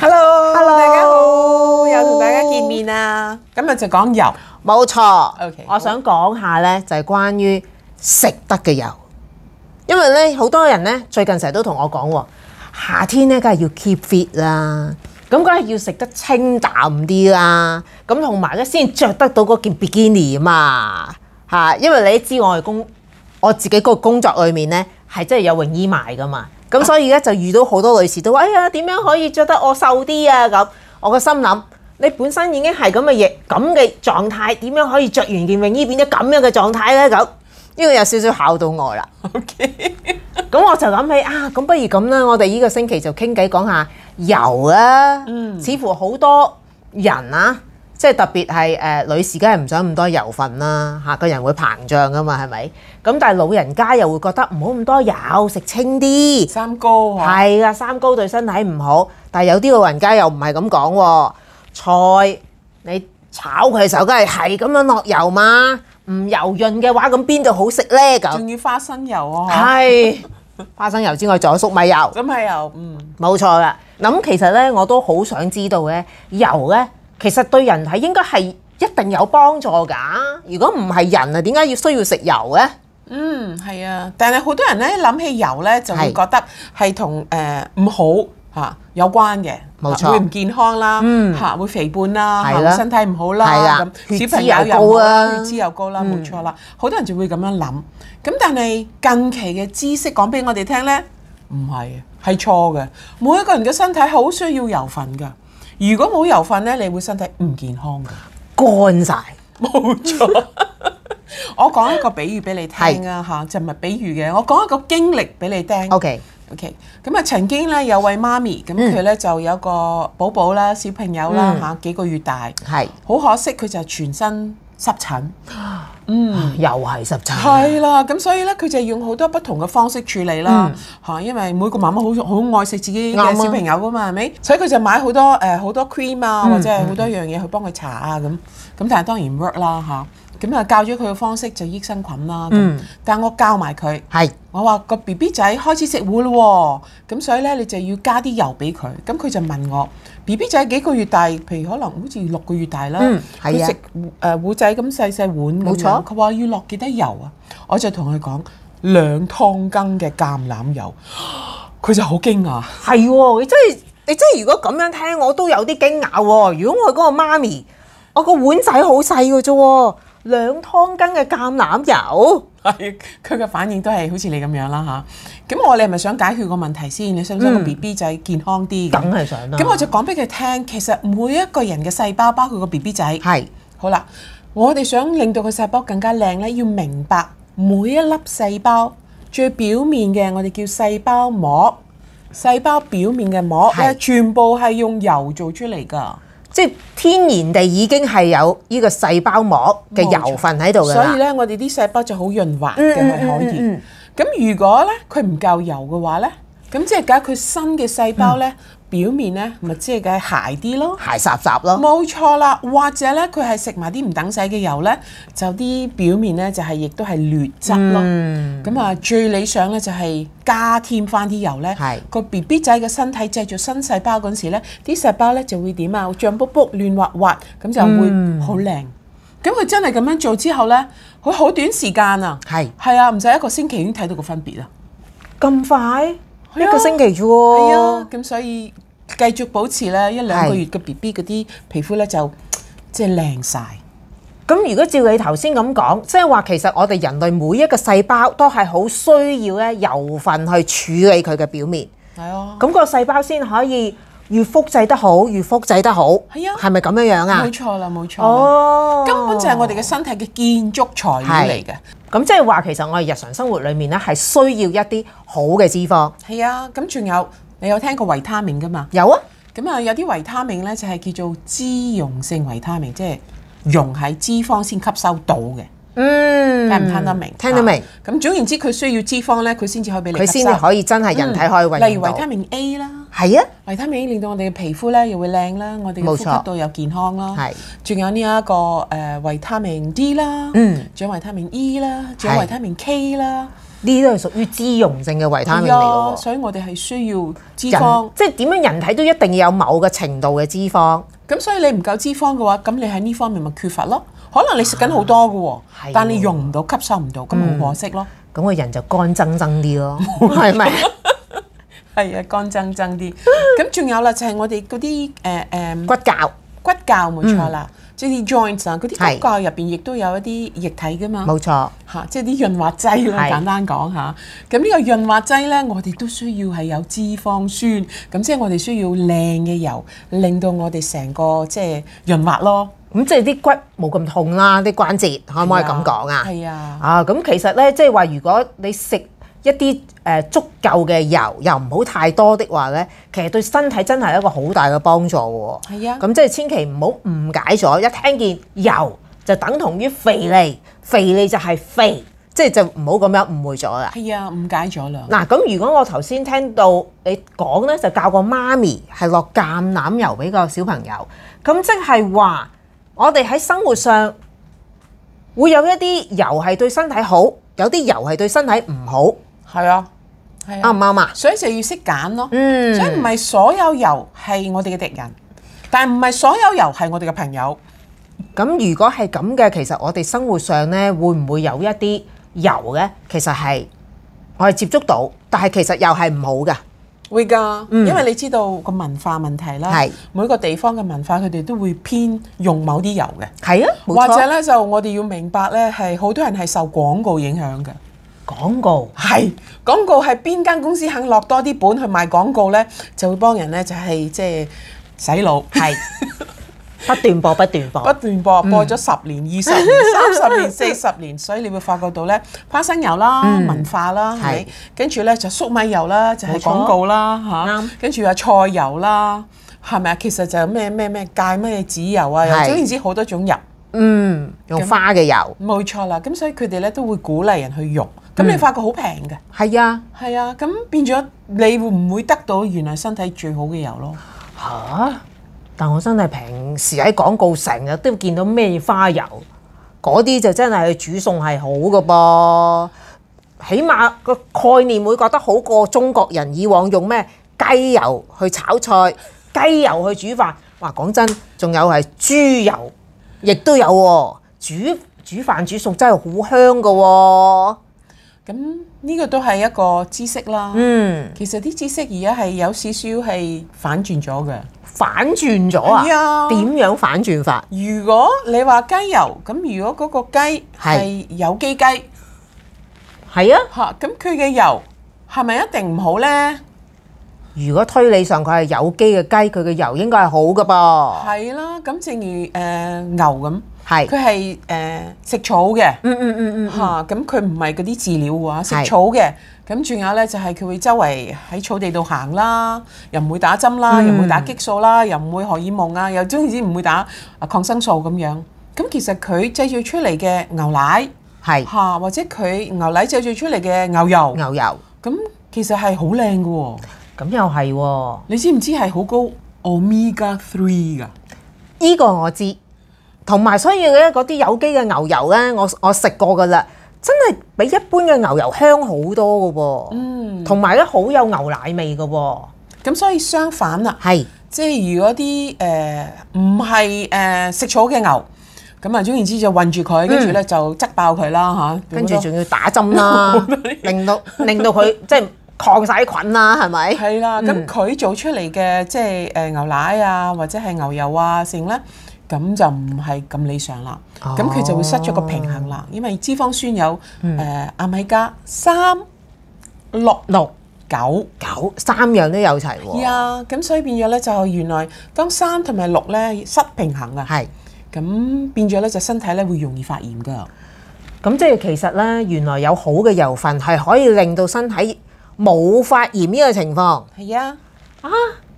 Hello，Hello，Hello，大家好，又同大家見面啦！今日就講油，冇錯。OK，我想講下咧，就係關於食得嘅油，因爲咧好多人咧最近成日都同我講，夏天咧梗係要 keep fit 啦，咁梗係要食得清淡啲啦，咁同埋咧先着得到嗰件 bikini 吖嘛吓，因爲你知我嘅工，我自己個工作裏面咧係真係有泳衣賣噶嘛。咁、啊、所以咧就遇到好多女士都話，哎呀，點樣可以着得我瘦啲啊？咁我個心諗，你本身已經係咁嘅嘢，咁嘅狀態，點樣可以着完件泳衣變咗咁樣嘅狀態咧？咁呢個有少少考到我啦。咁、okay. 我就諗起啊，咁不如咁啦，我哋呢個星期就傾偈講下游啊。嗯，似乎好多人啊。即係特別係誒，女士梗係唔想咁多油份啦嚇，個人會膨脹噶嘛，係咪？咁但係老人家又會覺得唔好咁多油，食清啲。三高喎。係啊，三高對身體唔好。但係有啲老人家又唔係咁講喎，菜你炒佢嘅時候梗係係咁樣落油嘛，唔油潤嘅話，咁邊度好食咧咁？仲要花生油喎。係花生油之外，仲有粟米油。粟米油，嗯。冇錯啦。嗱咁其實咧，我都好想知道咧，油咧。其實對人係應該係一定有幫助㗎。如果唔係人啊，點解要需要食油呢？嗯，係啊。但係好多人呢，諗起油呢，就會覺得係同誒唔好嚇、啊、有關嘅，冇錯，會唔健康啦，嚇、嗯啊、會肥胖啦，嚇、啊、身體唔好啦，咁、啊啊、小朋友血脂又高啊，啊血脂又高啦，冇錯啦。好、嗯、多人就會咁樣諗。咁但係近期嘅知識講俾我哋聽呢，唔係，係錯嘅。每一個人嘅身體好需要油份㗎。如果冇油份呢，你會身體唔健康㗎，乾晒，冇錯， 我講一個比喻俾你聽啊吓，就唔係比喻嘅，我講一個經歷俾你聽。OK，OK，咁啊曾經呢，有位媽咪，咁佢呢，就有個寶寶啦，小朋友啦嚇、嗯，幾個月大，係好可惜佢就係全身濕疹，嗯，啊、又係濕疹、啊，係啦，咁所以咧，佢就用好多不同嘅方式處理啦、嗯，因為每個媽媽好好愛惜自己嘅小朋友㗎嘛，係、嗯、咪？所以佢就買好多好、呃、多 cream 啊，或者係好多樣嘢去幫佢搽啊咁，咁、嗯嗯、但係當然 work 啦。咁啊，教咗佢嘅方式就益生菌啦。嗯，但係我教埋佢。係，我話個 B B 仔開始食糊咯，咁所以咧，你就要加啲油俾佢。咁佢就問我 B B 仔幾個月大？譬如可能好似六個月大啦。嗯，係啊。食誒糊仔咁細細碗。冇錯。佢話要落幾多油啊？我就同佢講兩湯羹嘅橄欖油。佢就好驚訝。係喎，你真係你真係如果咁樣聽，我都有啲驚訝。如果我嗰個媽咪，我個碗仔好細嘅啫。兩湯羹嘅橄欖油，係佢嘅反應都係好似你咁樣啦吓。咁、啊、我哋係咪想解決個問題先？你想唔想個 B B 仔健康啲？梗、嗯、係想啦。咁我就講俾佢聽，其實每一個人嘅細胞，包括個 B B 仔，係好啦。我哋想令到個細胞更加靚咧，要明白每一粒細胞最表面嘅，我哋叫細胞膜，細胞表面嘅膜係全部係用油做出嚟噶。即係天然地已經係有呢個細胞膜嘅油份喺度嘅，所以咧，我哋啲細胞就好潤滑嘅、嗯嗯嗯嗯、可以。咁如果咧佢唔夠油嘅話咧，咁即係搞佢新嘅細胞咧。嗯表面咧，咪即係嘅鞋啲咯，鞋雜雜咯，冇錯啦。或者咧，佢係食埋啲唔等使嘅油咧，就啲表面咧就係亦都係劣質咯。咁、嗯、啊，最理想咧就係加添返啲油咧。係個 B B 仔嘅身體製造新細胞嗰陣時咧，啲細胞咧就會點啊？脹卜卜、嫩滑滑滑，咁就會好靚。咁、嗯、佢真係咁樣做之後咧，佢好短時間啊。係係啊，唔使一個星期已經睇到個分別啦。咁快？啊、一個星期啫喎，係啊，咁所以繼續保持咧，一兩個月嘅 B B 嗰啲皮膚咧就即係靚晒。咁如果照你頭先咁講，即係話其實我哋人類每一個細胞都係好需要咧油份去處理佢嘅表面，係啊，咁、個細胞先可以。越複製得好，越複製得好，係啊，係咪咁樣樣啊？冇錯啦，冇錯。哦、oh.，根本就係我哋嘅身體嘅建築材料嚟嘅。咁即係話，其實我哋日常生活裏面咧，係需要一啲好嘅脂肪。係啊，咁仲有你有聽過維他命㗎嘛？有啊。咁啊，有啲維他命咧就係叫做脂溶性維他命，即係溶喺脂肪先吸收到嘅。嗯，聽唔聽得明？聽得明。咁、啊、總言之，佢需要脂肪咧，佢先至可以俾你。佢先至可以真係人體可以運用到、嗯。例如維他命 A 啦。係啊，維他命、E、令到我哋嘅皮膚咧又會靚啦，我哋呼吸道又健康咯。係，仲有呢一個誒維他命 D 啦，嗯，仲有維他命 E 啦，仲有維他命 K 啦，呢啲都係屬於脂溶性嘅維他命嚟、啊、所以我哋係需要脂肪，即係點樣人體都一定要有某個程度嘅脂肪。咁所以你唔夠脂肪嘅話，咁你喺呢方面咪缺乏咯。可能你食緊好多㗎喎、啊啊，但你用唔到，吸收唔到，咁好可惜咯。咁、那個人就乾爭爭啲咯，係 咪不是？ 係、 呃呃嗯就是嗯、啊，乾爭爭啲。咁仲有啦，就係我哋嗰啲誒誒骨膠，骨膠冇錯啦，即係啲 joint 嗰啲骨膠入邊亦都有一啲液體噶嘛，冇錯吓，即係啲潤滑劑咯，簡單講吓。咁呢個潤滑劑咧，我哋都需要係有脂肪酸，咁即係我哋需要靚嘅油，令到我哋成個即係潤滑咯。咁即係啲骨冇咁痛啦、啊，啲關節可唔可以咁講啊？係啊。啊，咁其實咧，即係話如果你食，一啲誒足夠嘅油，又唔好太多的話呢，其實對身體真係一個好大嘅幫助喎。係啊，咁即係千祈唔好誤解咗，一聽見油就等同於肥膩，肥膩就係肥，即係就唔好咁樣誤會咗啦。係啊，誤解咗啦。嗱，咁如果我頭先聽到你講呢，就教個媽咪係落橄欖油俾個小朋友，咁即係話我哋喺生活上會有一啲油係對身體好，有啲油係對身體唔好。係啊，係啊，啱唔啱啊，所以就要識揀咯。嗯，所以唔係所有油係我哋嘅敵人，但係唔係所有油係我哋嘅朋友。咁如果係咁嘅，其實我哋生活上咧，會唔會有一啲油咧？其實係我哋接觸到，但係其實又係唔好噶，會噶，因為你知道個文化問題啦。係每個地方嘅文化，佢哋都會偏用某啲油嘅。係啊，或者咧就我哋要明白咧，係好多人係受廣告影響嘅。廣告，係廣告，係邊間公司肯落多啲本去賣廣告呢？就會幫人呢，就係即係洗腦。係 不斷播不斷播不斷播，嗯、播咗十年二十年三十年 四十年，所以你會發覺到呢，花生油啦、嗯、文化啦，跟住呢就係，粟米油啦，就係、係，廣告啦嚇。跟住阿菜油啦，係咪啊？其實就咩咩咩芥咩籽油啊，總言之好多種油。嗯，用花嘅油。冇錯啦，咁所以佢哋呢都會鼓勵人去用。咁你發覺好平嘅係啊係啊，咁、啊、變咗你會唔會得到原來身體最好嘅油咯吓、啊？但我真係平時喺廣告成日都見到咩花油嗰啲，那些就真係去煮餸係好嘅噃。起碼個概念會覺得好過中國人以往用咩雞油去炒菜、雞油去煮飯。哇，講真，仲有係豬油，亦都有喎。煮煮飯煮熟真係好香嘅喎、哦。咁呢個都係一個知識啦。嗯，其實啲知識而家係有少少係反轉咗嘅。反轉咗啊？點樣反轉法？如果你話雞油，咁如果嗰個雞係有機雞，係啊，嚇，咁佢嘅油係咪一定唔好呢？如果推理上佢係有機嘅雞，佢嘅油應該係好㗎噃。係啦，咁正如誒牛咁。係，佢係誒食草嘅，嗯嗯嗯嗯嚇，咁佢唔係嗰啲飼料喎，食草嘅。咁仲有咧，就係、是、佢會周圍喺草地度行啦，又唔會打針啦、嗯，又唔會打激素啦，又唔會荷爾蒙啊，又總之唔會打啊抗生素咁樣。咁其實佢製造出嚟嘅牛奶係嚇、啊，或者佢牛奶製造出嚟嘅牛油牛油，咁、嗯、其實係好靚嘅喎。咁又係喎、哦，你知唔知係好高 omega three 㗎？依、呢個我知。同埋，所以咧嗰啲有機嘅牛油咧，我我食過㗎喇，真係比一般嘅牛油香好多㗎喎。嗯。同埋咧，好有牛奶味㗎喎。咁、嗯、所以相反啦，係即係如果啲誒唔係誒食草嘅牛，咁啊，總言之就暈住佢、嗯，跟住咧就擠爆佢啦吓，跟住仲要打針啦， 令到令到佢即係抗曬菌啦，係咪？係啦、啊，咁佢做出嚟嘅即係誒牛奶啊，或者係牛油啊，成咧。咁就唔係咁理想啦，咁佢就會失咗個平衡啦。因為脂肪酸有阿亞米加三六六九九三樣都有齊喎，哦。係啊，咁所以變咗咧就原來當三同埋六咧失平衡啊，係，咁變咗咧就身體咧會容易發炎噶。咁即係其實咧，原來有好嘅油分係可以令到身體冇發炎呢個情況。係啊，啊。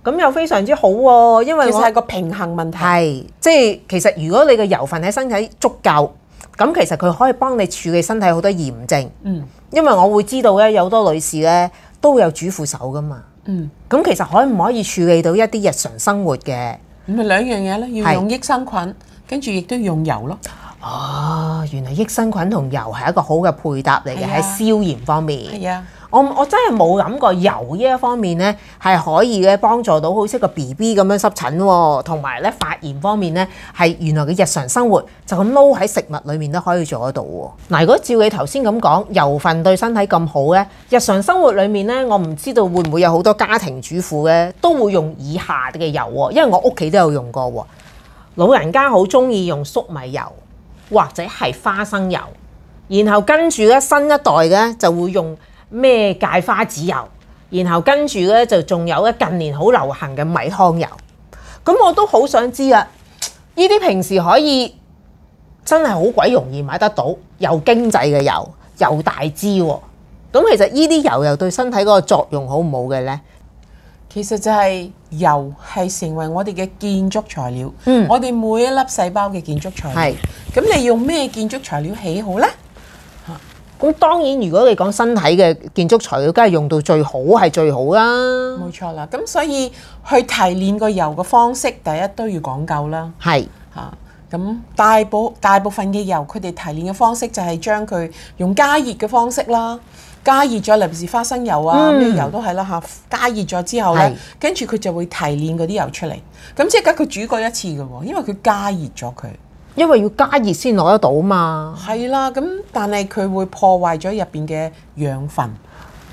咁又非常之好喎，啊，因為其實係個平衡問題。係，即係其實如果你嘅油份喺身體足夠，咁其實佢可以幫你處理身體好多炎症。嗯，因為我會知道咧，有好多女士咧都會有主婦手噶嘛。嗯，咁其實可唔可以處理到一啲日常生活嘅？咁咪兩樣嘢咧，要用益生菌，跟住亦都要用油咯。哦，原來益生菌同油係一個好嘅配搭嚟嘅，喺消炎方面。係啊。我我真係冇諗過油呢一方面呢係可以咧幫助到好似個 BB 咁樣濕疹，哦，同埋咧發炎方面呢，係原來嘅日常生活就咁撈喺食物裡面都可以做得到喎，哦。嗱、啊，如果照你頭先咁講，油份對身體咁好呢，日常生活裡面呢，我唔知道會唔會有好多家庭主婦呢都會用以下嘅油喎，因為我屋企都有用過喎。老人家好中意用粟米油或者係花生油，然後跟住呢新一代嘅就會用。咩芥花籽油，然後跟住呢，就仲有一近年好流行嘅米糠油，咁我都好想知啊！呢啲平時可以真係好鬼容易買得到，又經濟嘅油，又大支喎。咁其實呢啲油又對身體嗰個作用好唔好嘅呢？其實就係油係成為我哋嘅建築材料，嗯、我哋每一粒細胞嘅建築材料。咁你用咩建築材料起好呢？咁當然，如果你講身體嘅建築材料，梗係用到最好係最好啦、啊。冇錯啦，咁所以去提煉個油嘅方式，第一都要講究啦。係吓、啊，咁大部大部分嘅油，佢哋提煉嘅方式就係將佢用加熱嘅方式啦，加熱咗例如花生油啊，咩、嗯、油都係啦吓，加熱咗之後咧，跟住佢就會提煉嗰啲油出嚟。咁即係佢煮過一次嘅喎，因為佢加熱咗佢。因為要加熱先攞得到嘛，係啦、啊。咁但係佢會破壞咗入邊嘅養分。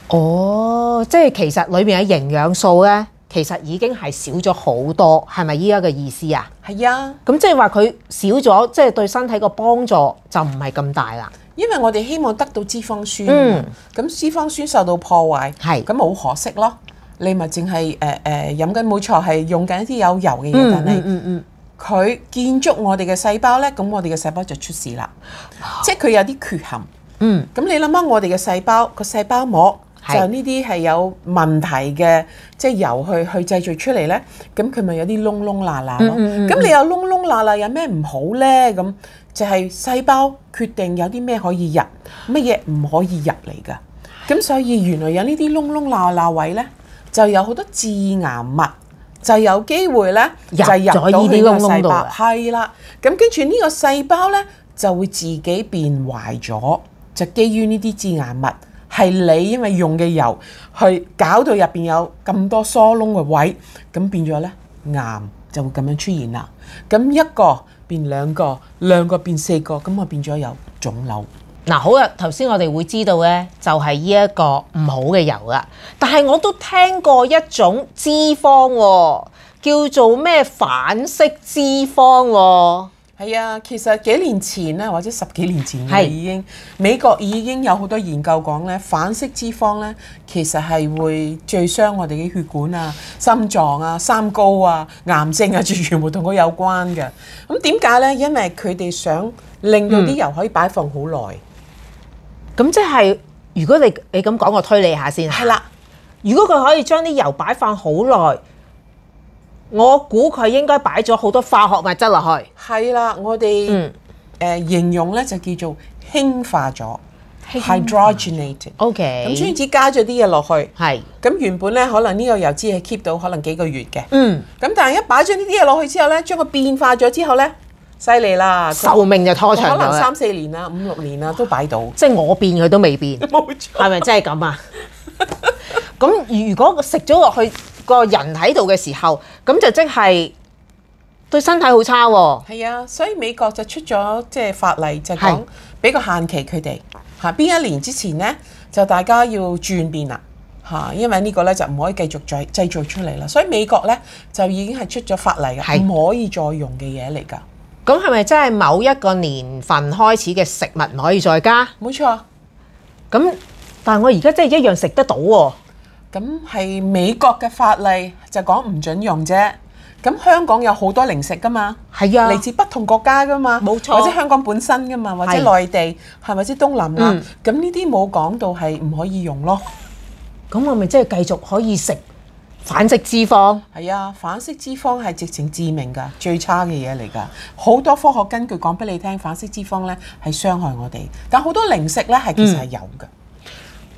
哦，即係其實裏面嘅營養素呢，其實已經係少咗好多，係咪依家嘅意思啊？係啊。咁即係話佢少咗，即係對身體個幫助就唔係咁大啦。因為我哋希望得到脂肪酸，咁、嗯、脂肪酸受到破壞，係咁好可惜咯。你咪淨係誒誒飲緊冇錯，係、呃呃、用緊一啲有油嘅嘢，但係嗯嗯。嗯嗯嗯佢建築我哋嘅細胞呢，咁我哋嘅細胞就出事啦，即係佢有啲缺陷。嗯，咁你諗下，我哋嘅細胞個細胞膜就呢啲係有問題嘅，即係由去去製造出嚟呢。咁佢咪有啲窿窿罅罅咯。咁、嗯嗯嗯、你窿窿罅罅有窿窿罅罅，有咩唔好呢？咁就係細胞決定有啲咩可以入，乜嘢唔可以入嚟噶。咁所以原來有呢啲窿窿罅罅位呢，就有好多致癌物。就有機會呢，就入到呢個細胞，係啦。咁跟住呢個細胞呢，就會自己變壞咗。就基於呢啲致癌物，係你因為用嘅油去搞到入面有咁多疏窿嘅位，咁變咗呢，癌就會咁樣出現啦。咁一個變兩個，兩個變四個，咁啊變咗有腫瘤。嗱，好啦，頭先我哋會知道呢，就係呢一個唔好嘅油啦。但係我都聽過一種脂肪叫做咩反式脂肪。係啊，其實幾年前呢，或者十幾年前已經美國已經有好多研究講呢，反式脂肪呢，其實係會最傷我哋嘅血管啊、心臟啊、三高啊、癌症啊，全部同佢有關嘅。咁點解呢？因為佢哋想令到啲油可以擺放好耐。嗯咁即係，如果你你咁講，我推理下先嚇。係啦，如果佢可以將啲油擺放好耐，我估佢應該擺咗好多化學物質落去。係啦，我哋誒形容咧就叫做氫化咗 （hydrogenated） okay。O.K. 咁專子加咗啲嘢落去。係。咁原本咧，可能呢個油脂係 keep 到可能幾個月嘅。嗯。咁但係一擺咗呢啲嘢落去之後咧，將佢變化咗之後咧。犀利啦！壽命就拖長可能三四年啦，五六年啦，都擺到。即係、就是、我變，佢都未變，冇錯，係咪真係咁啊？咁 如果食咗落去，個人喺度嘅時候，咁就即係對身體好差喎、啊。係啊，所以美國就出咗即係法例，就講、是、俾個限期佢哋嚇邊一年之前呢，就大家要轉變啦嚇，因為呢個呢，就唔可以繼續製製造出嚟啦。所以美國呢，就已經係出咗法例嘅，唔可以再用嘅嘢嚟㗎。咁係咪真係某一個年份開始嘅食物唔可以再加？冇錯。咁，但係我而家真係一樣食得到喎。咁係美國嘅法例就講唔准用啫。咁香港有好多零食㗎嘛，係啊，嚟自不同國家㗎嘛，冇錯，或者香港本身㗎嘛，或者內地，係咪？即係東南亞。咁呢啲冇講到係唔可以用咯。咁我咪即係繼續可以食。反式脂肪係啊，反式脂肪係直情致命噶，最差嘅嘢嚟噶。好多科學根據講俾你聽，反式脂肪呢係傷害我哋，但好多零食呢係其實係有嘅，嗯。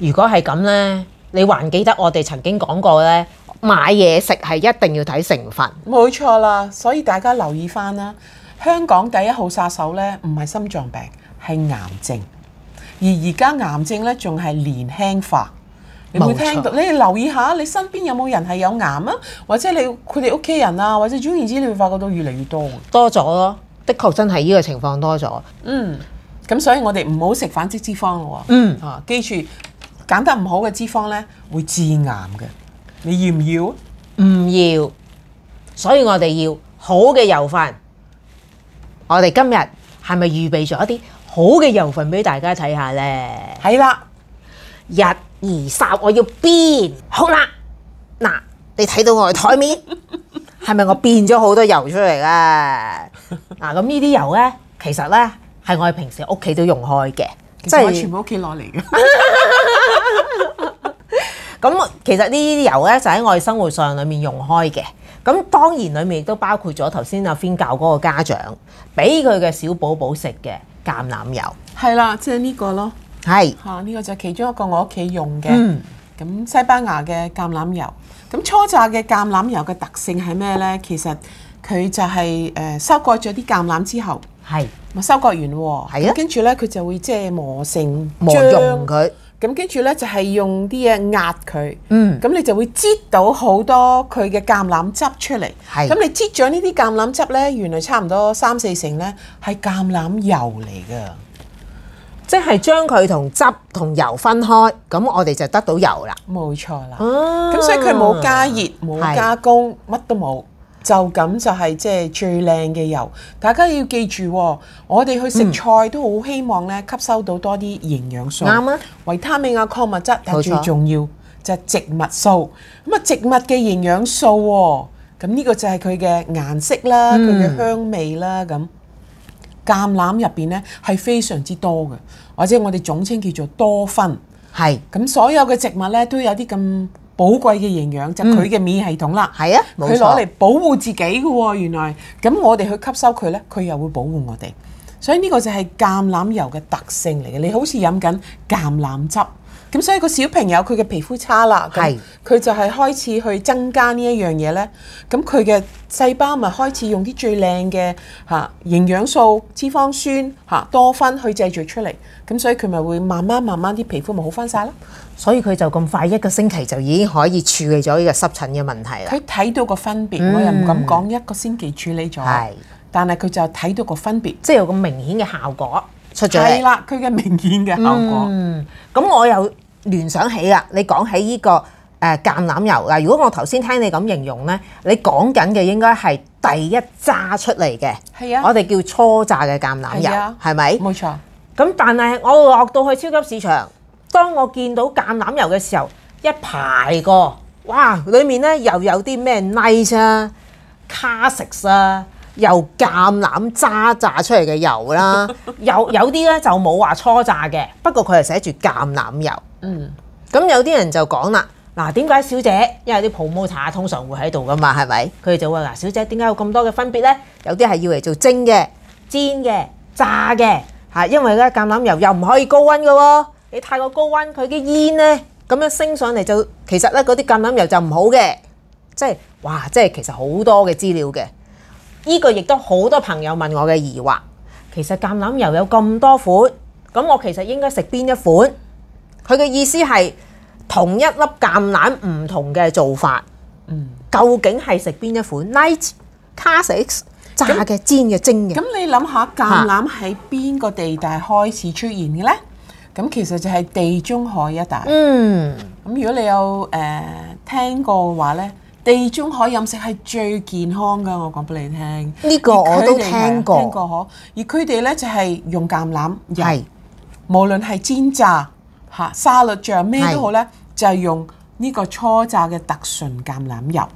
如果係咁呢，你還記得我哋曾經講過呢：「買嘢食係一定要睇成分」，冇錯啦，所以大家留意翻啦。香港第一號殺手呢唔係心臟病，係癌症，而而家癌症呢仲係年輕化。你會聽到，你留意下，你身邊有冇人係有癌啊？或者你佢哋屋企人啊，或者總言之，你會發覺到越嚟越多多咗咯，的確真係呢個情況多咗。嗯，咁所以我哋唔好食反式脂肪咯。嗯，啊，記住揀得唔好嘅脂肪呢，會致癌嘅。你要唔要？唔要，所以我哋要好嘅油份。我哋今日係咪預備咗一啲好嘅油份俾大家睇下呢？係啦，一。二三我要變。好啦，嗱，你睇到我台面，係 咪我變咗好多油出嚟噶？嗱、 啊，咁呢啲油咧，其實咧係我哋平時屋企都用開嘅，即係我全部屋企攞嚟嘅。咁、 啊、其實呢啲油咧就喺我哋生活上裡面用開嘅。咁當然裡面亦都包括咗頭先阿 Fin 教嗰個家長俾佢嘅小寶寶食嘅橄欖油，係啦，即係呢個咯。係吓，呢、啊呢個就係其中一個我屋企用嘅。嗯，咁西班牙嘅橄欖油，咁初榨嘅橄欖油嘅特性係咩咧？其實佢就係、是、誒、呃、收割咗啲橄欖之後，係咪收割完喎？係啊，跟住咧佢就會即係磨成漿佢，咁跟住咧就係、是、用啲嘢壓佢，嗯，咁你就會擠到好多佢嘅橄欖汁出嚟。係，咁你擠咗呢啲橄欖汁咧，原來差唔多三四成咧係橄欖油嚟㗎。即係將佢同汁同油分開，咁我哋就得到油啦。冇錯啦。哦，咁所以佢冇加熱，冇加工，乜都冇，就咁就係即係最靚嘅油。大家要記住喎，我哋去食菜都好希望咧吸收到多啲營養素。啱啊，維他命啊，礦物質，但係最重要就係植物素。咁啊，植物嘅營養素喎，咁呢個就係佢嘅顏色啦，佢嘅香味啦，咁。橄欖入邊呢係非常之多嘅，或者我哋總稱叫做多酚，係，咁所有嘅植物呢都有啲咁寶貴嘅營養，嗯、就佢、係、嘅免疫系統啦，係啊，佢攞嚟保護自己嘅喎、哦，原來咁我哋去吸收佢呢，佢又會保護我哋，所以呢個就係橄欖油嘅特性嚟嘅，你好似飲緊橄欖汁。咁所以個小朋友佢嘅皮膚差啦，佢就係開始去增加呢一樣嘢咧。咁佢嘅細胞咪開始用啲最靚嘅嚇營養素、脂肪酸嚇多酚去製造出嚟。咁所以佢咪會慢慢慢慢啲皮膚咪好翻晒囉。所以佢就咁快一個星期就已經可以處理咗呢個濕疹嘅問題啦。佢睇到個分別，嗯、我又唔敢講一個星期處理咗。係，但係佢就睇到個分別，即係有個明顯嘅效果出咗嚟啦。佢嘅明顯嘅效果。嗯，咁我又。聯想起啦，你講起呢、呢個誒、呃、橄欖油啦。如果我頭先聽你咁形容呢，你講緊嘅應該係第一榨出嚟嘅，我哋叫初榨嘅橄欖油，係咪？冇錯。咁但係我落到去超級市場，當我見到橄欖油嘅時候，一排個，哇！裡面呢又有啲咩 Nice 啊、classic 啊，又橄欖渣榨出嚟嘅油啦， 有有啲呢就冇話初榨嘅，不過佢係寫住橄欖油。嗯，咁有啲人就講啦，嗱，點解小姐？因為啲泡沫茶通常會喺度噶嘛，係咪？佢就話嗱，小姐點解有咁多嘅分別呢？有啲係要嚟做蒸嘅、煎嘅、炸嘅，吓，因為咧橄欖油又唔可以高溫㗎喎，你太過高溫，佢啲煙呢，咁樣升上嚟就，其實咧嗰啲橄欖油就唔好嘅，即係哇，即係其實好多嘅資料嘅。呢個亦都好多朋友問我嘅疑惑，其實橄欖油有咁多款，咁我其實應該食邊一款？佢嘅意思係同一粒橄欖唔同嘅做法，嗯、究竟係食邊一款 Nice Classics 炸嘅、嗯、煎嘅、蒸嘅。咁你諗下，橄欖喺邊個地帶開始出現嘅呢？咁、嗯、其實就係地中海一帶。嗯。咁如果你有誒、呃、聽過嘅話咧，地中海飲食係最健康嘅。我講俾你聽，呢、呢個我都聽過。是聽過嗬。而佢哋呢，就係用橄欖油，係無論係煎炸。吓，沙律醬咩都好咧，就係用呢個初榨嘅特純橄欖油，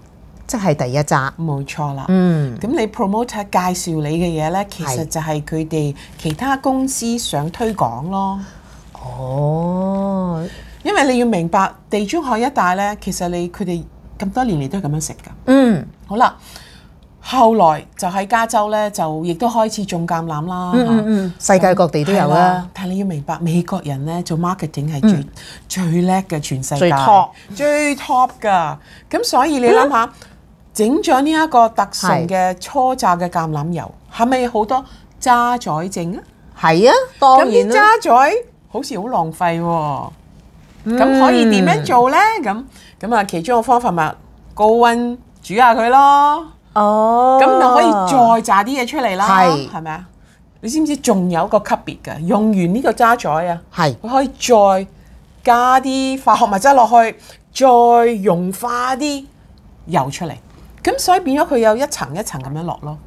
即係第一炸，冇錯啦。嗯。咁你 promoter 介紹你嘅嘢咧，其實就係佢哋其他公司想推廣咯。哦，因為你要明白，地中海一帶咧，其實你佢哋咁多年嚟都係咁樣食噶。嗯，好啦。後來就喺加州咧，就亦都開始種橄欖啦。嗯嗯嗯，世界各地都有啦。但你要明白，美國人咧，做 marketing 係最最叻嘅，全世界最 top 最 top 㗎。咁所以你諗下，整咗呢一個特純嘅初榨嘅橄欖油，係咪好多渣滓剩啊？係啊，當然啦。咁啲渣滓好似好浪費喎。咁可以點樣做咧？咁咁啊，其中一個方法咪高溫煮下佢咯。哦，咁就可以再炸啲嘢出嚟啦，係咪啊？你知唔知仲有一個級別嘅？用完呢個渣滓啊，佢可以再加啲化學物質落去，再融化啲油出嚟。咁所以變咗佢有一層一層咁樣落咯。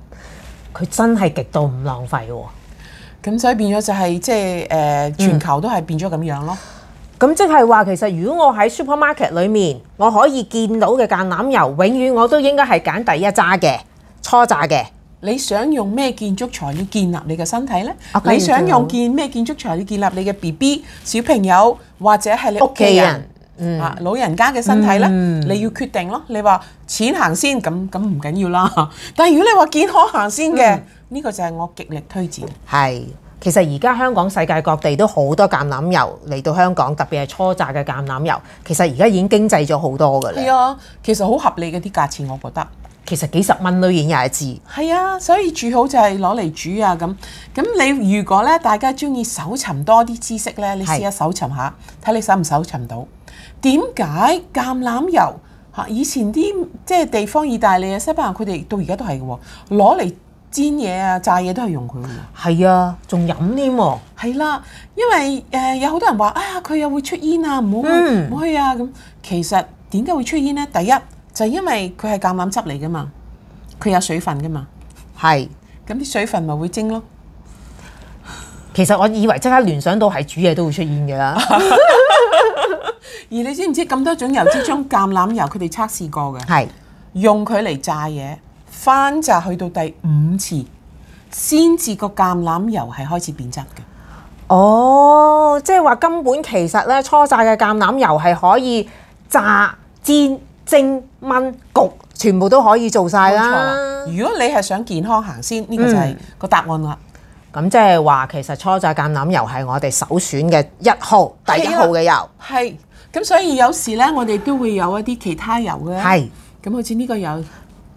佢真係極度唔浪費喎、啊。咁所以變咗就係即係誒，全球都係變咗咁樣咯。咁即係話，其實如果我喺 supermarket 裏面，我可以見到嘅橄欖油，永遠我都應該係揀第一揸嘅初榨嘅。你想用咩建築材料建立你嘅身體呢？啊、你想用什麼建咩建築材料建立你嘅 B B 小朋友或者係你屋企人，家人、嗯、老人家嘅身體呢、嗯？你要決定咯。你話錢行先，咁咁唔緊要啦。但係如果你話健康行先嘅，呢、嗯這個就係我極力推薦。係。其實而家香港世界各地都好多橄欖油嚟到香港，特別係初榨嘅橄欖油。其實而家已經經濟咗好多㗎啦。係啊，其實好合理嗰啲價錢，我覺得。其實幾十蚊都已經有一支。係啊，所以最好就係攞嚟煮啊咁。咁你如果咧，大家中意搜尋多啲知識咧，你試下搜尋下，睇你搜唔搜尋到？點解橄欖油嚇？以前啲即係地方意大利啊、西班牙他們現在都是，佢哋到而家都係嘅喎，攞嚟。煎嘢啊，炸嘢都係用佢喎。係啊，仲飲添。係啦，因為誒、呃、有好多人話呀，佢、啊、又會出煙、嗯、啊，唔好去唔好去啊咁。其實點解會出煙咧？第一就係、因為佢係橄欖汁嚟噶嘛，佢有水分噶嘛，係。咁啲水分咪會蒸咯。其實我以為即刻聯想到係煮嘢都會出煙嘅啦。而你知唔知咁多種油脂中，橄欖油佢哋測試過嘅，係用佢嚟炸嘢。翻炸去到第五次，先至個橄欖油係開始變質嘅。哦，即係話根本其實咧初炸嘅橄欖油係可以炸、煎、蒸、炆、焗，全部都可以做晒啦。如果你係想健康行先，呢、嗯呢個就係個答案啦。咁即係話其實初炸橄欖油係我哋首選嘅一號、啊、第一號嘅油。係、啊。咁所以有時呢，我哋都會有一啲其他油嘅。係。咁好似呢個油。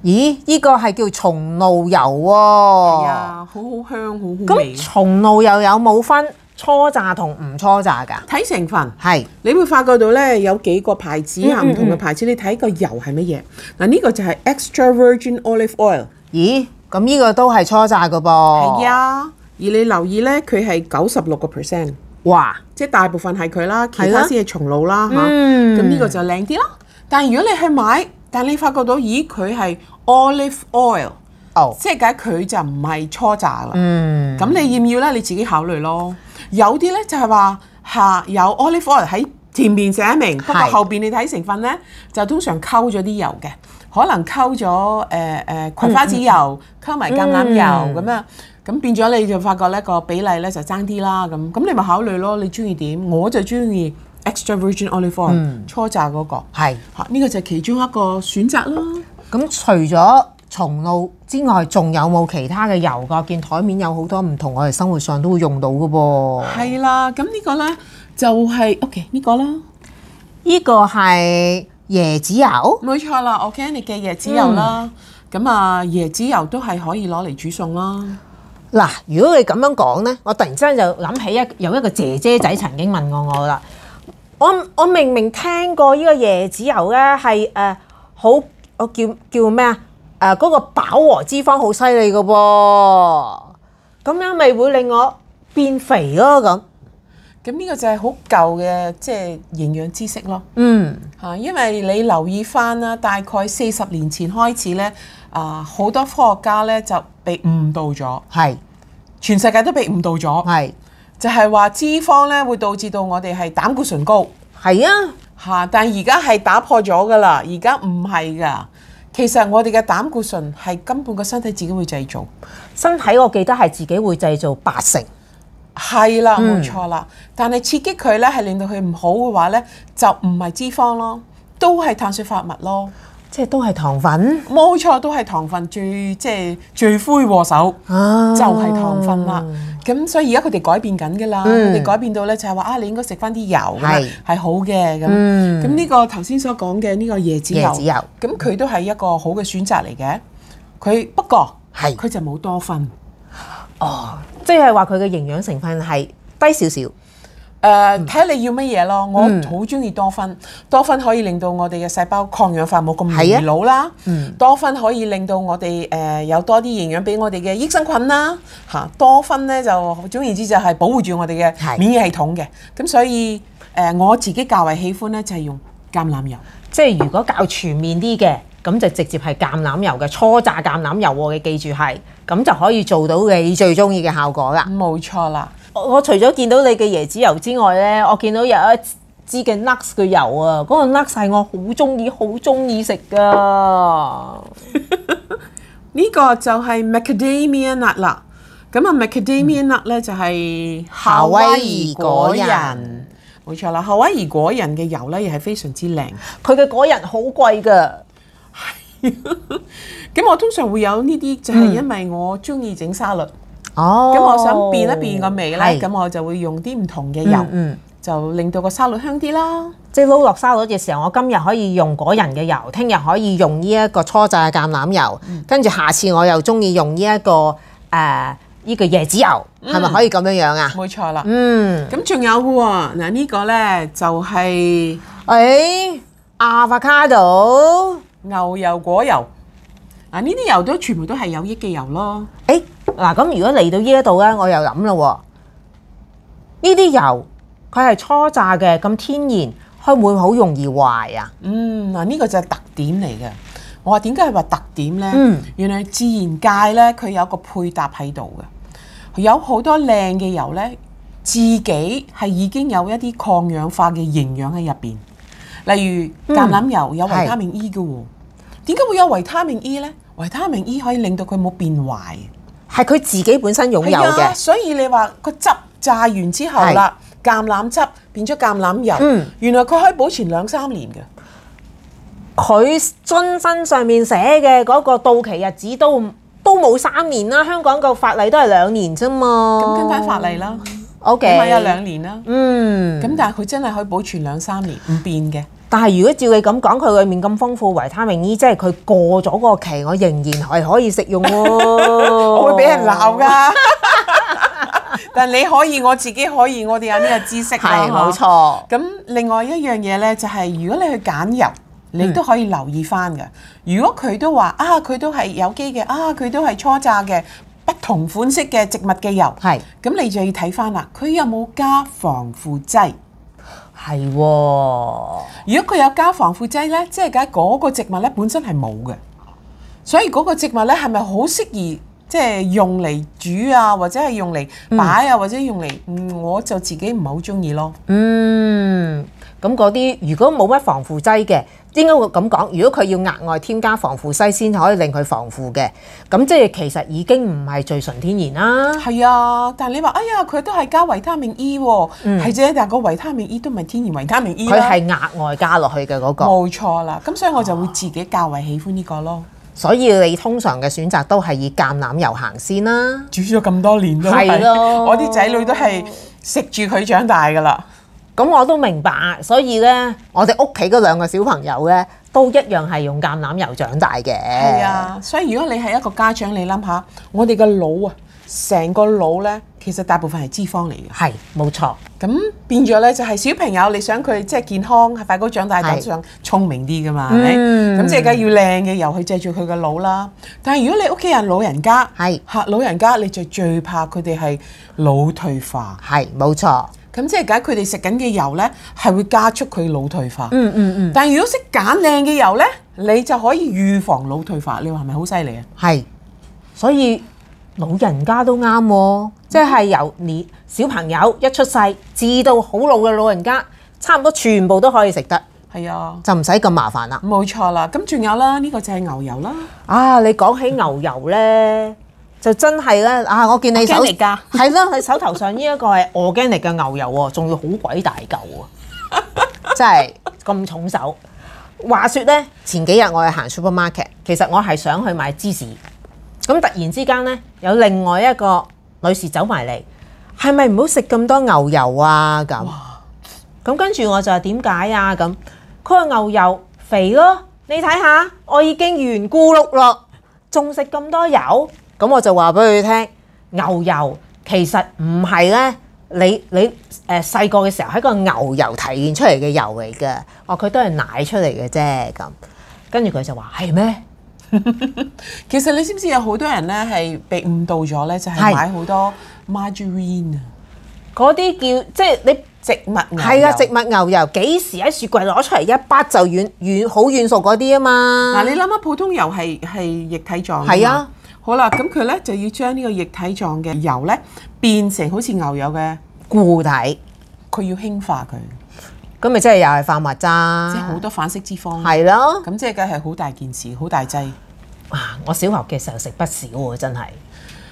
咦？呢、這個係叫松露油喎、啊，係、哎、啊，好好香，好好味。松露又有冇分初榨同唔初榨㗎？睇成分係。你會發覺到咧，有幾個牌子嚇，唔、嗯嗯嗯、同嘅牌子，你睇個油係乜嘢嗱？呢、啊這個就係 extra virgin olive oil。咦？咁呢個都係初榨嘅噃、啊。係啊，而你留意咧，佢係九十六個 percent。哇！即係大部分係佢啦，其他先係松露啦吓，咁呢、啊啊嗯、個就靚啲咯。但係如果你去買，但你發覺到，咦，佢係 olive oil，、oh. 即係解佢就唔係初榨啦。咁、mm. 你要唔要咧？你自己考慮咯。有啲咧就係話嚇有 olive oil 喺前面寫明，不過後面你睇成分咧就通常溝咗啲油嘅，可能溝咗誒誒葵花籽油、溝、mm. 埋橄欖油咁、mm. 樣，咁變咗你就發覺呢個比例咧就爭啲啦咁。咁你咪考慮咯，你中意點我就中意。Extra virgin olive oil、嗯、初榨嗰、嗰個係呢、啊呢個就係其中一個選擇啦。咁除咗松露之外，仲有冇其他嘅油噶？我見台面有好多唔同，我哋生活上都會用到嘅噃。係啦，咁呢個咧就係、係、OK 呢個啦。呢、呢個係椰子油，冇錯啦。OK，你嘅椰，椰子油啦，咁、嗯、啊椰子油都係可以攞嚟煮餸啦。嗱，如果你咁樣講咧，我突然之間就諗起一有一個姐姐仔曾經問過我啦。我我明明聽過呢個椰子油咧，係誒，好我叫叫咩啊，誒嗰個飽和脂肪好犀利嘅噃，咁樣咪會令我變肥咯咁。咁呢個就係好舊嘅即係營養知識咯。嗯嚇，因為你留意返啦，大概四十年前開始咧，啊好多科學家咧就被誤導咗，係，全世界都被誤導咗，係。就係話脂肪咧，會導致到我哋係膽固醇高。係啊，嚇！但而家係打破咗噶啦，而家唔係噶。其實我哋嘅膽固醇係根本個身體自己會製造，身體我記得係自己會製造八成。係啦，冇錯啦。但係刺激佢咧，係令到佢唔好嘅話咧，就唔係脂肪咯，都係碳水化合物咯。即係都係糖分，冇錯，都係糖分最即係罪魁禍首，啊，就係糖分啦。咁所以而家佢哋改變緊㗎喇，佢、嗯、哋改變到咧就係話啊，你應該食返啲油啦，係好嘅咁。咁呢、嗯呢個頭先所講嘅呢個椰子油，椰咁佢、嗯、都係一個好嘅選擇嚟嘅。佢不過係佢就冇多酚哦，即係話佢嘅營養成分係低少少。誒睇下你要乜嘢咯，我好中意多酚、嗯，多酚可以令到我哋嘅細胞抗氧化冇咁易老啦。多酚可以令到我哋誒、呃、有多啲營養俾我哋嘅益生菌啦。嚇，多酚咧就總言之就係保護住我哋嘅免疫系統嘅。咁所以誒、呃、我自己較為喜歡咧就係用橄欖油，即係如果較全面啲嘅，咁就直接係橄欖油嘅初榨橄欖油嘅，你記住係，咁就可以做到你最中意嘅效果啦。冇錯啦。我除咗見到你嘅椰子油之外咧，我見到有一支嘅 Lux 嘅油啊！嗰、嗰個 Lux 係我好中意、好中意食噶。呢 個就係 Macadamia Nut 啦。咁啊，Macadamia Nut 咧就係夏威夷果，果，果，果仁的。冇錯啦，夏威夷果仁嘅油咧，又係非常之靚。佢嘅果仁好貴噶。咁我通常會有呢啲，就係、係、因為我中意整沙律。嗯哦，咁我想變一變個味咧，咁我就會用啲唔同嘅油，嗯嗯，就令到個沙律香啲啦。即係撈落沙律嘅時候，我今日可以用果仁嘅油，聽日可以用呢一個初榨嘅橄欖油，跟，嗯、住下次我又中意用呢、這、一個誒呢、呃這個椰子油，係，嗯、咪可以咁樣樣啊？冇錯啦，嗯，咁仲，嗯、有嘅喎，嗱、這、呢個咧就係誒阿法卡度、牛油果油，嗱呢啲油都全部都係有益嘅油咯。嗱、啊，咁如果嚟到呢一度咧，我又諗咯喎，呢啲油佢係初榨嘅，咁天然，佢會唔會好容易壞啊？嗯，嗱呢個就係特點嚟嘅。我話點解係話特點咧？嗯，原來自然界咧，佢有一個配搭喺度嘅，佢有好多靚嘅油咧，自己係已經有一啲抗氧化嘅營養喺入邊。例如橄欖油、嗯、有維他命 E 嘅喎，點解會有維他命 E 咧？維他命 E 可以令到佢冇變壞。係佢自己本身擁有嘅。啊，所以你話個汁炸完之後啦，橄欖汁變咗橄欖油，嗯、原來佢可以保存兩三年嘅。佢樽身上面寫嘅嗰個到期日子都都冇三年啦，香港個法例都係兩年啫嘛，咁跟翻法例啦。O K，咪有兩年啦。嗯，咁、okay，嗯、但係佢真係可以保存兩三年，唔變嘅。但係如果照你咁講，佢裏面咁豐富維他命 E，即係佢過咗嗰個期，我仍然係可以食用喎。 我會俾人鬧㗎。 但你可以，我自己可以，我哋有呢個知識的。係 冇錯。咁另外一樣嘢呢，就係、是、如果你去揀油，你都可以留意翻嘅、嗯。如果佢都話啊，佢都係有機嘅，啊佢都係初榨嘅，不同款式嘅植物嘅油，係咁你就要睇翻啦。佢有冇加防腐劑？係喎、哦，如果佢有加防腐劑呢，即係解嗰個植物本身係冇嘅，所以嗰個植物是係咪好適宜？即係用嚟煮啊，或者係用嚟擺啊，或者用嚟，我就自己唔係好中意咯。嗯，咁嗰啲如果冇乜防腐劑嘅，應該會咁講，如果佢要額外添加防腐劑先可以令佢防腐嘅，咁即係其實已經唔係最純天然啦。係啊，但係你話，哎呀，佢都係加維他命 E 喎、啊，係、嗯、啫，但係個維他命 E 都唔係天然維他命 E 佢、啊、係額外加落去嘅嗰、嗰個。冇錯啦，咁所以我就會自己較為喜歡呢個咯。啊。所以你通常嘅選擇都係以橄欖油行先啦、啊。煮咗咁多年都係。是的，我啲仔女都係食住佢長大噶啦、嗯。咁我都明白，所以呢，我哋屋企嗰兩個小朋友呢，都一樣係用橄欖油長大嘅。係啊，所以如果你係一個家長，你諗下，我哋嘅腦啊～成個腦咧，其實大部分係脂肪嚟嘅，係冇錯。咁變咗咧，就係小朋友，你想佢即係健康，快高長大，長想聰明啲噶嘛，係咪？咁即係梗要靚嘅油去借住佢嘅腦啦。但係如果你屋企人老人家，係老人家，你就最怕佢哋係腦退化，係冇錯。咁即係解佢哋食緊嘅油咧，係會加速佢腦退化。嗯嗯嗯。但係如果識揀靚嘅油咧，你就可以預防腦退化。你話係咪好犀利啊？係，所以。老人家都啱，即係由你小朋友一出世至到好老嘅老人家，差唔多全部都可以食得，係啊，就唔使咁麻煩啦。冇錯啦，咁仲有啦，呢個就係牛油啦。啊，你講起牛油咧，就真係咧啊！我見你手係啦， 你手頭上呢一個係 organic 嘅牛油喎，仲要好鬼大嚿啊， 真係咁重手。話說咧，前幾日我去行 supermarket，其實我係想去買芝士。咁突然之間呢，有另外一個女士走埋嚟，係咪唔好食咁多牛油啊？咁，咁跟住我就話點解啊？咁，佢話牛油肥咯，你睇下，我已經圓咕碌咯，仲食咁多油，咁我就話俾佢聽，牛油其實唔係呢。你你誒細個嘅時候係個牛油提煉出嚟嘅油嚟嘅，哦，佢都係奶出嚟嘅啫。咁跟住佢就話係咩？ 其實你知唔知有好多人呢係被誤導咗呢？就係買好多 margarine 啊，嗰啲叫即係你植物係啊植物牛油，幾時喺雪櫃攞出嚟一筆就軟軟好軟熟嗰啲啊嘛。嗱你諗下普通油係係液體狀，係啊。好啦，咁佢呢，就要將呢個液體狀嘅油呢，變成好似牛油嘅固體，佢要氫化佢。咁咪即係又係化麥渣，即係好多反式脂肪。係咯，咁即係梗係好大件事，好大劑。哇！我小學嘅時候食不少喎，真係。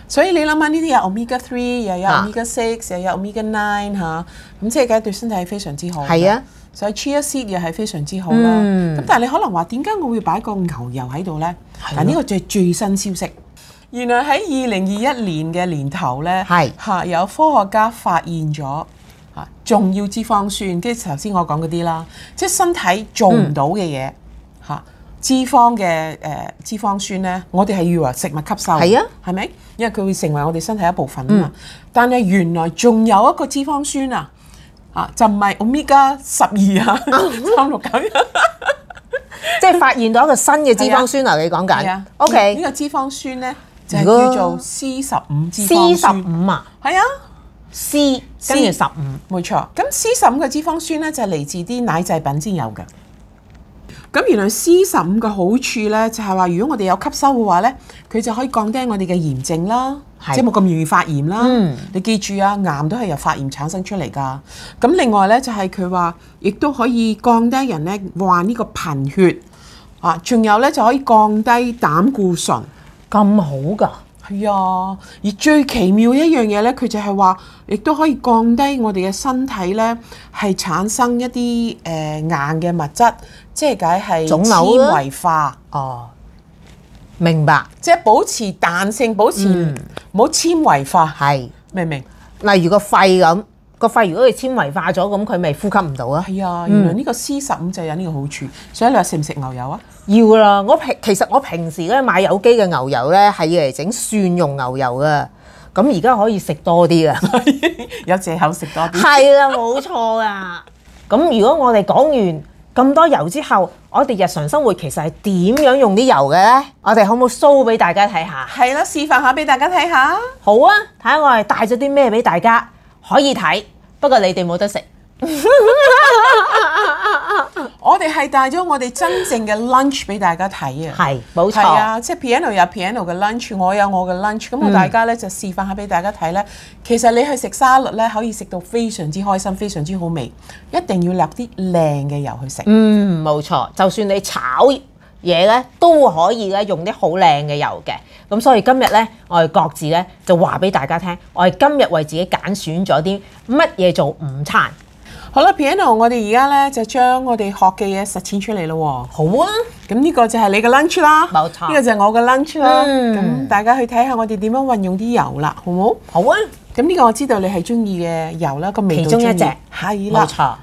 所以你諗下呢啲有 omega three，又有 omega six，啊、又有 omega nine、啊、嚇，咁即係梗係對身體非常之好。係啊，所以 chia seed 又係非常之好啦。咁、嗯、但係你可能話點解我會擺個牛油喺度咧？嗱，呢個最最新消息，原來喺二零二一年嘅年頭咧，係嚇、啊、有科學家發現咗。重要脂肪酸，即係頭先我講嗰啲啦，即係身體做唔到嘅嘢嚇，脂肪嘅誒脂肪酸咧，我哋係要啊食物吸收，係啊，係咪？因為佢會成為我哋身體一部分啊嘛、嗯。但係原來仲有一個脂肪酸啊，啊就唔係 Omega 十二啊三六九 即係發現到一個新嘅脂肪酸啊！你講緊、啊、，OK？呢、這個脂肪酸咧就係、是、叫做 C 十五脂肪酸 C 十五啊，係啊。C 跟住十五，冇錯。咁 C 十五嘅脂肪酸咧，就嚟自啲奶製品先有嘅。咁原來 C 十五嘅好處咧，就係話如果我哋有吸收嘅話咧，佢就可以降低我哋嘅炎症啦，即係冇咁容易發炎啦、嗯。你記住啊，癌都係由發炎產生出嚟噶。咁另外咧，就係佢話亦都可以降低人咧患呢個貧血啊，仲有咧就可以降低膽固醇，咁好噶。係，yeah, 而最奇妙一樣嘢咧，佢就係話，亦都可以降低我哋嘅身體呢係產生一啲誒、呃、硬嘅物質，即係梗係纖維化。哦，明白，即係保持彈性，保持唔好纖維化，係明唔明？例如個肺咁。個肺如果佢纖維化咗，咁佢咪呼吸唔到啊？係啊，原來呢個 C 十五就有呢個好處。所以你話食唔食牛油啊？要啦，我平其實我平時咧買有機嘅牛油咧係要嚟整蒜蓉牛油嘅。咁而家可以食多啲啊！有借口食多啲。係啦，冇錯噶。咁如果我哋講完咁多油之後，我哋日常生活其實係點樣用啲油嘅咧？我哋可唔可 show 俾大家睇下？係啦，示範下俾大家睇下。好啊，睇下我哋帶咗啲咩俾大家。可以睇，不過你哋冇得食。 我哋係帶咗我哋真正嘅 lunch 俾大家睇啊！係，冇錯係啊！即係 piano 有 piano 嘅 lunch，我有我嘅 lunch。咁我大家咧就示範下俾大家睇咧。其實你去食沙律咧，可以食到非常之開心，非常之好味。一定要落啲靚嘅油去食。嗯，冇錯。就算你炒。嘢咧都可以咧用啲好靚嘅油嘅，咁所以今日咧我哋各自咧就話俾大家聽，我哋今日為自己揀選咗啲乜嘢做午餐。好啦，Piano，我哋而家咧就將我哋學嘅嘢實踐出嚟咯。好啊，咁呢個就係你嘅 lunch 啦，冇錯，呢個就係我嘅 lunch 啦。嗯，咁大家去睇下我哋點樣運用啲油啦，好冇？好啊，咁呢個我知道你係中意嘅油啦，咁其中一隻，冇錯。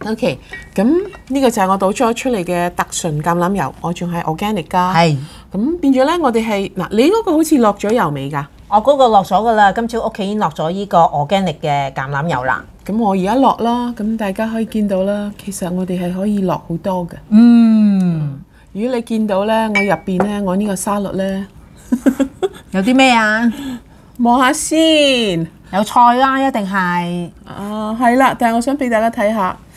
O.K. 咁呢個就係我倒咗出嚟嘅特純橄欖油，我仲係 Organic 㗎。係。咁變咗咧，我哋係嗱，你嗰個好似落咗油未㗎？我嗰個落咗㗎啦，今朝屋企已經落咗呢個 Organic 嘅橄欖油啦。咁我而家落啦，咁大家可以見到啦。其實我哋係可以落好多嘅。嗯。如果你見到咧，我入邊咧，我呢個沙律咧，有啲咩啊？望下先。有菜啦，一定係。啊，係啦，但係我想俾大家睇下。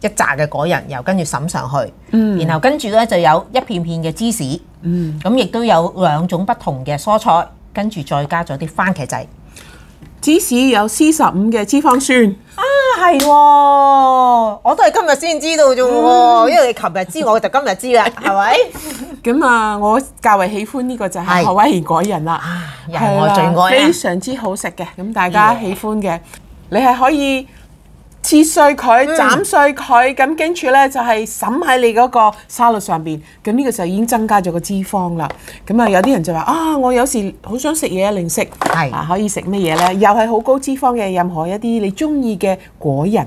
一紮嘅果仁，又跟住灑上去，嗯，然後跟住咧就有一片片嘅芝士，咁、嗯、亦都有兩種不同嘅蔬菜，跟住再加咗啲番茄仔。芝士有四十五嘅脂肪酸啊，係喎、哦， 我都係今日先知道啫喎、嗯，因為你琴日知道我就今日知啦，係 咪是吧？咁 啊，我較為喜歡呢個就係夏威夷果仁啦，係、啊、我最愛、啊，非常之好食嘅，咁大家喜歡嘅，你係可以。切碎佢，斬碎佢，咁跟住呢就係、是、滲喺你嗰個沙律上面。咁呢個時候已經增加咗個脂肪啦。咁啊，有啲人就話：啊，我有時好想食嘢零食，啊、可以食咩嘢呢？又係好高脂肪嘅，任何一啲你中意嘅果仁。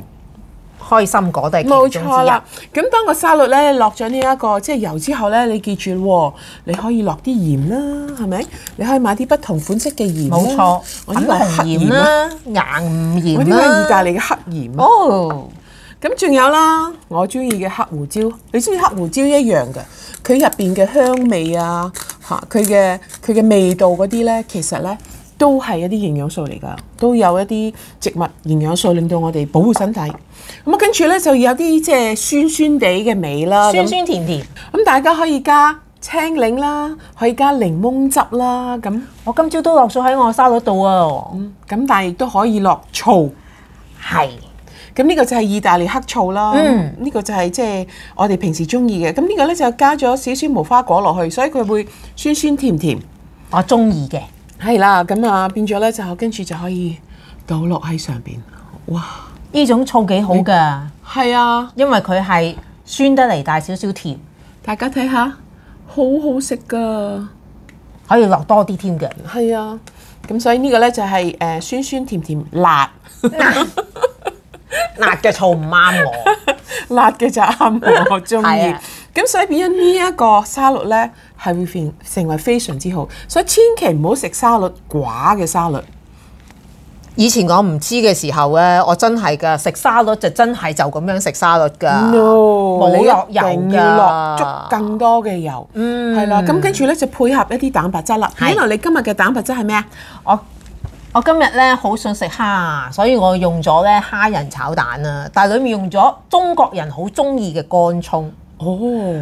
開心果都係其中之一。冇錯啦。咁，當個沙律咧落咗呢一個即係油之後咧，你記住，你可以落啲鹽啦，係咪？你可以買啲不同款式嘅鹽，粉紅鹽啦、啊、硬鹽啦、啊，點解意大利嘅黑鹽？哦，咁仲有啦，我中意嘅黑胡椒。你中意黑胡椒一樣嘅？佢入邊嘅香味啊，嚇佢嘅佢嘅味道嗰啲咧，其實咧～都係一啲營養素嚟噶，都有一啲植物營養素令到我哋保護身體。咁啊，跟住呢，就有啲即係酸酸哋嘅味啦，酸酸甜甜。咁大家可以加青檸啦，可以加檸檬汁啦。咁我今朝都落咗喺我沙律度啊。咁但係亦都可以落醋，係。咁呢個就係意大利黑醋啦。嗯，呢個就係即係我哋平時中意嘅。咁呢個呢，就加咗少少無花果落去，所以佢會酸酸甜甜。我中意嘅。係啦，咁啊，變咗咧，就跟住就可以倒落喺上邊。哇！呢種醋幾好噶係啊，因為佢係酸得嚟，帶少少甜。大家睇下，好好食噶可以落多啲添嘅。係啊，咁所以呢個咧，就係誒酸酸甜甜辣 辣嘅醋唔啱我，辣嘅就啱我中意。咁所以變咗呢一個沙律呢，係會成成為非常之好，所以千祈唔好食沙律寡嘅沙律。以前我唔知嘅時候呢，我真係噶食沙律就真係就咁樣食沙律噶，冇落油噶，落足更多嘅油，嗯，係啦。咁跟住呢，就配合一啲蛋白質啦。原來你今日嘅蛋白質係咩啊？我我今日呢，好想食蝦，所以我用咗呢蝦仁炒蛋啊。但係裡面用咗中國人好中意嘅乾葱，哦，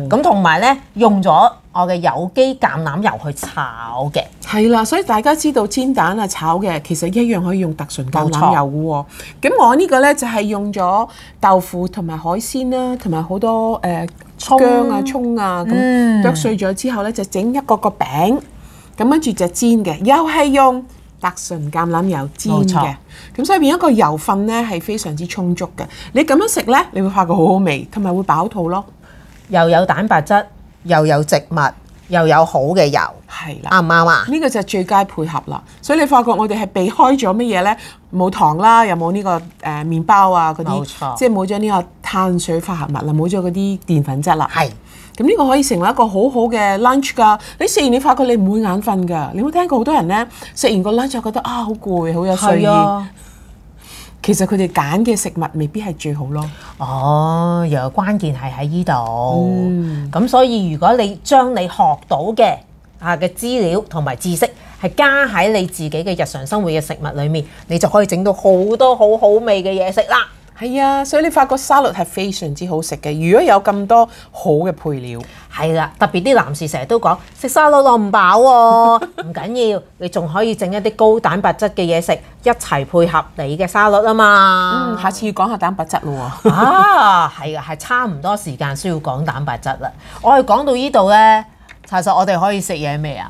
咁同埋咧，用咗我嘅有機橄欖油去炒嘅，係啦，所以大家知道煎蛋啊炒嘅，其實一樣可以用特純橄欖油喎。咁我個呢個咧就係、是、用咗豆腐同埋海鮮啦，同埋好多誒、呃蔥啊、蔥啊、葱、嗯、啊，剁碎咗之後咧就整一個個餅，咁跟住就煎嘅，又係用特純橄欖油煎嘅。咁所以變一個油份咧係非常之充足嘅。你咁樣食咧，你會發覺好好味，同埋會飽肚咯。又有蛋白質，又有植物，又有好嘅油，係啦，啱唔啱啊？呢個就係最佳配合啦，所以你發覺我哋係避開咗乜嘢呢？冇糖啦，又冇呢、呢個誒麵、呃、包啊嗰啲，即係冇咗呢個碳水化合物啦，冇咗嗰啲澱粉質啦。係，咁呢個可以成為一個很好好嘅 lunch 㗎。你食完你發覺你唔會眼瞓㗎，你有冇聽過好多人呢，食完個 lunch 覺得啊好攰好有睡意？其實佢哋揀嘅食物未必係最好咯，啊。哦，又關鍵係喺呢度。咁、嗯、所以如果你將你學到嘅啊嘅資料同埋知識係加喺你自己嘅日常生活嘅食物裏面，你就可以整到好多好好味嘅嘢食啦。係啊，所以你發覺沙律係非常之好食嘅，如果有咁多好嘅配料，係啦，特別啲男士成日都講食沙律落唔飽喎、啊，唔緊要，你仲可以整一啲高蛋白質嘅嘢食一齊配合你嘅沙律啊嘛。嗯，下次要講下蛋白質咯喎。 啊，係啊，係差唔多時間需要講蛋白質啦。我哋講到呢度咧，查實我哋可以食嘢咩啊？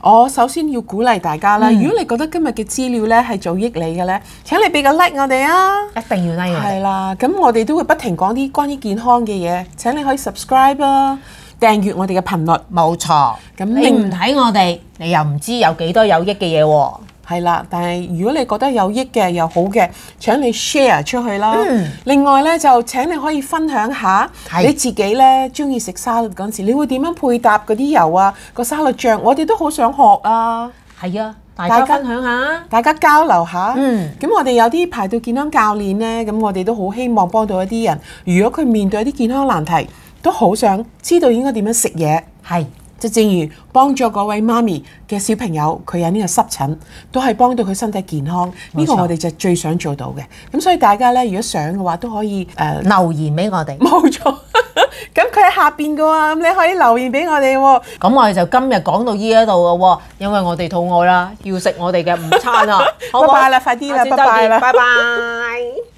我首先要鼓勵大家啦，嗯，如果你覺得今日嘅資料呢係做益你嘅呢，請你俾個 like 我哋啊！一定要 like，係啦，咁我哋都會不停講啲關於健康嘅嘢。請你可以 subscribe 啊，訂閱我哋嘅頻率，冇錯。咁你唔睇我哋，你又唔知有幾多有益嘅嘢喎。係啦，但係如果你覺得有益嘅又好嘅，請你 share 出去啦，嗯。另外呢，就請你可以分享下你自己呢中意食沙律嗰陣時，你會點樣配搭嗰啲油啊、個沙律醬？我哋都好想學啊。係啊，大家分享下大，大家交流下。嗯，咁我哋有啲排到健康教練呢，咁我哋都好希望幫到一啲人。如果佢面對一啲健康難題，都好想知道應該點樣食嘢。係。就正如幫助嗰位媽咪嘅小朋友，佢有呢個濕疹，都係幫到佢身體健康。呢、這個我哋就最想做到嘅。咁所以大家咧，如果想嘅話，都可以誒、呃、留言俾我哋。冇錯，咁佢喺下邊㗎喎，咁你可以留言俾我哋。咁我哋就今日講到呢喺度嘅喎，因為我哋肚餓啦，要食我哋嘅午餐啦。好拜啦，快啲拜拜啦，拜拜。拜拜